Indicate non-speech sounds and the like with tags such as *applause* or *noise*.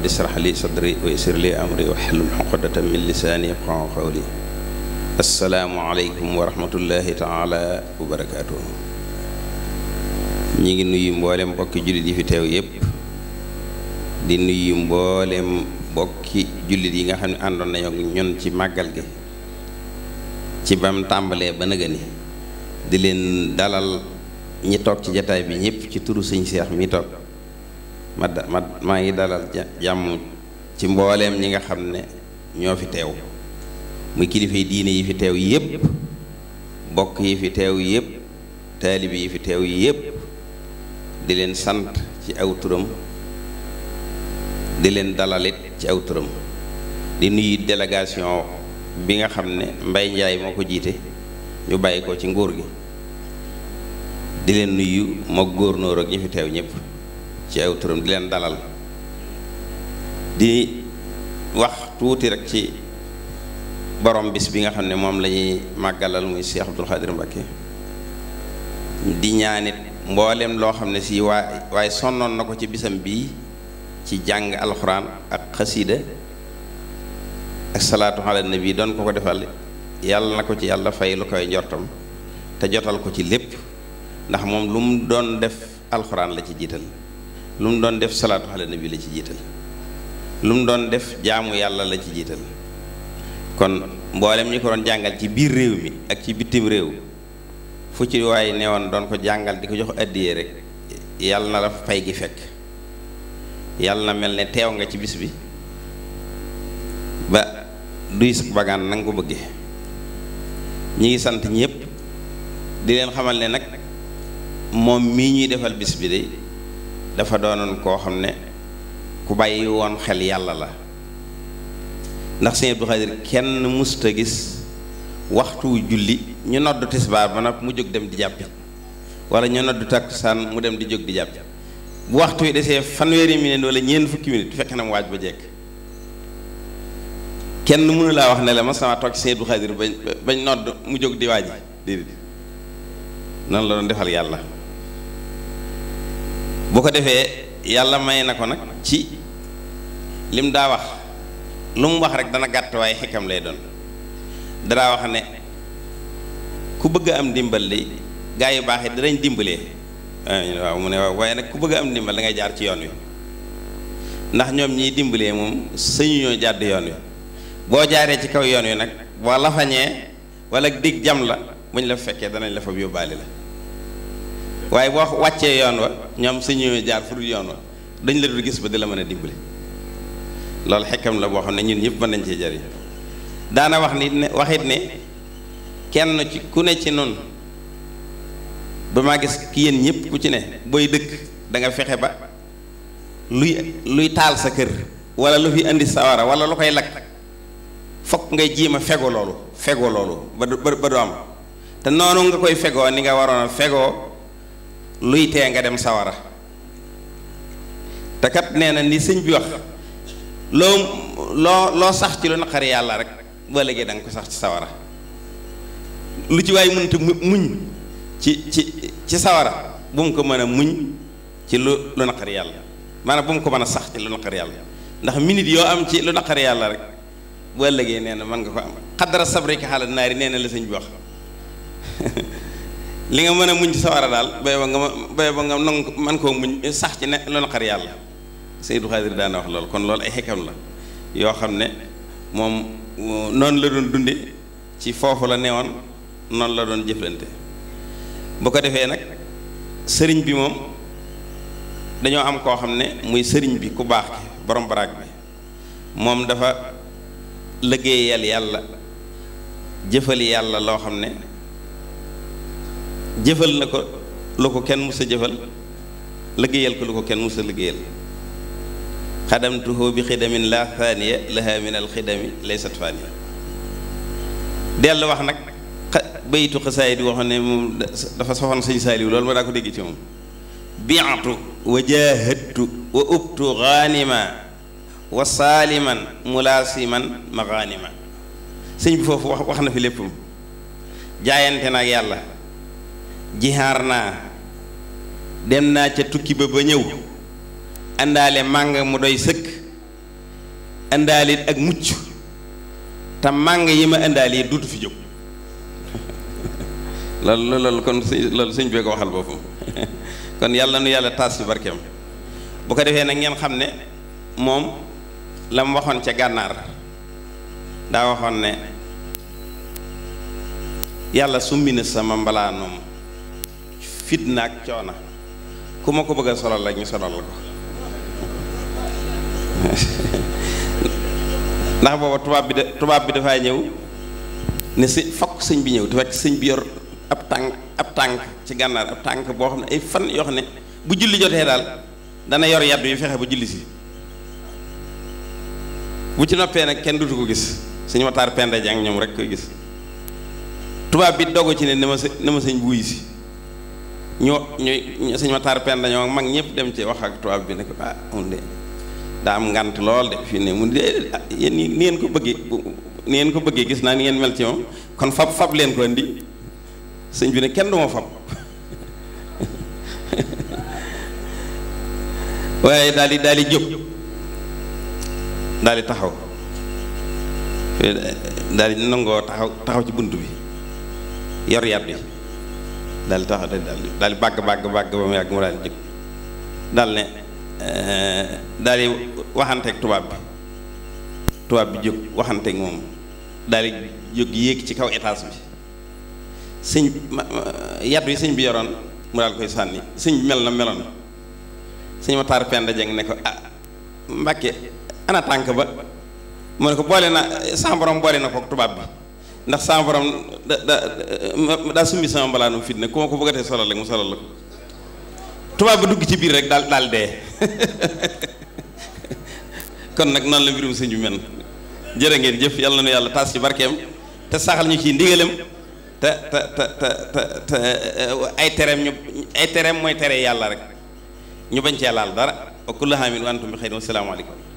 rabbi israh li sadri wa yassir li amri wahlul uqdatan min lisaani yafqahu qawli assalaamu aleykum wa rahmatullahi wa barakaatuhu ñi ngi nuyu mboolem mbokki jullit yi fi teew yépp nuyu mboolem mbokki jullit yi nga xam ne àndoon nañu ñun ci màggal gi ci bam tàmbalee ba nëga di leen dalal ñi toog ci jataay bi ñëpp ci turu sëñ seex mi toog ma ma maa ngi dalal jàmm ci mbooleem ñi nga xam ne ñoo fi teew muy kilifa yi diine yi fi teew yépp bokk yi fi teew yépp taalib yi fi teew yépp di leen sant ci aw turam di leen dalalit ci aw turam di nuyu délégation bi nga xam ne Mbay Njaay moo ko jiite ñu bàyyi ko ci nguur gi di leen nuyu moo góor ak ñi fi teew ñépp ci aw turam di leen dalal di wax tuuti rek ci borom bis bi nga xam ne moom lañuy màggalal muy Cheikh Abdoul Khadir Mbacké di ñaanit mboolem loo xam ne si waaye sonnoon na ko ci bisam bii ci jàng alxuraan ak xasiida ak salaatu ala nabi doon ko ko defal yàlla na ko ci yàlla fay lu koy njortam te jotal ko ci lépp ndax moom lu mu doon def alxuraan la ci jiital lu mu doon def salaatu ala bii la ci jiital lu mu doon def jaamu yàlla la ci jiital kon mboolem ñi ko doon jàngal ci biir réew mi ak ci bitim réew fu ci waaye newoon doon ko jàngal di ko jox addiyee rek yàlla na la fay gi fekk yàlla na mel ne teew nga ci bis bi ba duy sa bagaan nanga ko bëgge ñi ngi sant ñëpp di leen xamal ne nag moom mii ñuy defal bis bi de dafa doonoon koo xam ne ku bàyyi woon xel yàlla la ndax sëñ Abdou Khadir kenn musta gis waxtu julli ñu nodd tisbaar ba nag mu jóg dem di jàppi wala ñu nodd takkusaan mu dem di jóg di jàppi bu waxtu wi desee fanweeri minute wala ñeent fukki minute fekk na mu waaj ba jekk kenn mënu laa wax ne la ma sama toog sëñ Abdou Khadir bañ nodd mu jóg di waaj déedéet noonu la doon defal yàlla bu ko defee yàlla may na ko nag ci lim daa wax lu mu wax rek dana gàtt waaye xikam lay doon danaa wax ne ku bëgg am dimbal li gaa yu baax yi danañ dimbalee waaw mu ne waaw waaye nag ku bëgg a am dimbal da ngay jaar ci yoon wi ndax ñoom ñii dimbalee moom sañu ñoo jàdd yoon wi boo jaaree ci kaw yoon wi nag boo lafañee wala dig jam la bu ñu la fekkee danañ la fa yóbbaale la waaye boo wàccee yoon wa ñoom su ñëwee jaar fu dul yoon wa dañ la dul gis ba di la mën a dimbali loolu xekkam la boo xam ne ñun ñëpp mën nañ cee jariñ daana wax nit ne waxit ne kenn ci ku ne ci noonu ba maa gis ki yéen ñëpp ku ci ne booy dëkk da fexe ba luy luy taal sa kër wala lu fi indi sawara wala lu koy lakk fokk ngay jéem a fego loolu fego loolu ba du ba du am te noonu nga koy fegoo ni nga waroon a fegoo luy tee nga dem sawara te kat nee na ni sëñ bi wax loo loo sax ci lu naqari yàlla rek boo léegi da ko sax ci sawara lu ci waay mënut muñ ci ci ci sawara bu mu ko mën a muñ ci lu lu naqari yàlla maanaam bu mu ko mën a sax ci lu naqari yàlla ndax minute yoo am ci lu naqari yàlla rek boo léegi nee na mën nga ko am xaddara sabrika xaala naari nee na la sëñ bi wax *laughs* li nga mën a muñ ci sawara daal bay ba nga bay ba nga nong man koo muñ sax ci ne lu naqar yàlla Seydou Xaadir daana wax loolu kon loolu ay xekkam la yoo xam ne moom noonu la doon dunde ci foofu la ne woon noonu la doon jëflante bu ko defee nag sëriñ bi moom dañoo am koo xam ne muy sëriñ bi ku baax ki borom baraag bi moom dafa liggéeyal yàlla jëfali yàlla loo xam ne jëfal na ko lu ko kenn musa jëfal liggéeyal ko lu ko kenn musa liggéeyal xadamtuhu bi xidamin la faaniya laha min al xidami faaniya dellu wax nag baytu xasaay di waxoon ne moom dafa soxoon sëñ Saaliw loolu ma daa ko dégg ci moom biatu wa jahadtu wa ubtu ghanima wa saaliman mulaasiman ma ghanima sëñ bi foofu wax wax na fi léppam jaayante na yàlla jixaar naa dem naa ca tukki ba ba ñëw àndaale màng mu doy sëkk àndaalit ak mucc te màng yi ma àndaalee duutu fi jóg *laughs* loolu loolu kon suñ loolu suñ bee ko waxal boppam *laughs* kon yàlla nu yàlla taas ci barkeem bu ko defee nag ngeen xam ne moom lam waxoon ca gànnaar daa waxoon ne yàlla sumbi na sama mbalaanoom fitna ak coona ku ma ko bëgg a solal la ñu solal la ko *laughs* ndax booba tubaab bi de tubaab bi dafaa ñëw ne si fokk sëñ bi ñëw te fekk sëñ bi yor ab tànk ab tànk ci gànnaar ab tànk boo xam ne ay fan yoo xam ne bu julli jotee daal dana yor yàddu yi fexe ba julli si bu ci noppee nag kenn dutu ko gis suñu mataar penda jàng ñoom rek koy gis tubaab bi dogu ci ne na ma sa wuy si ñu ñuy sëñ Matar Penda ñoo mag ñëpp dem ci wax ak tubaab bi ne ah mun de daa am ngant lool de fii ne mun de yéen ngeen ko bëggee ni ko bëggee gis naa ni ngeen mel ci moom kon fab fab leen ko indi sëñ bi ne kenn du ma fab *laughs* waaye daal di daal di jóg daal di taxaw daal di nangoo taxaw taxaw ci bunt bi yor yat daal di tax daal di bàgg bàgg bàgg ba mu yàgg mu daal di jëkk ne eh, daal di waxanteeg tubaab bi tubaab bi jóg waxanteeg moom daal jóg yéeg ci kaw étage bi sëñ yat yi sëñ bi yoroon mu daal koy sànni sëñ bi mel na meloon sëñ ma taar penda jeng ne ko ah Mbàkke ana tànk ba mu ne ko boole na sa borom boole na kook tubaab bi ndax sama borom da da daa summi sama mbalaanum fitna ku ma ko bëggatee solal rek mu solal la ko tubaab ba dugg ci biir rek daal daal dee *laughs* kon nag noonu la mbirum sëñ bi mel jërë ngeen jëf yàlla na nu yàlla taas ci barkeem te saxal ñu kii ndigalem te te te te ay tereem ñu ay tereem mooy tere yàlla rek ñu bañ cee laal dara wa kullu haamin wa antum bi xeyr wa salaamu aleykum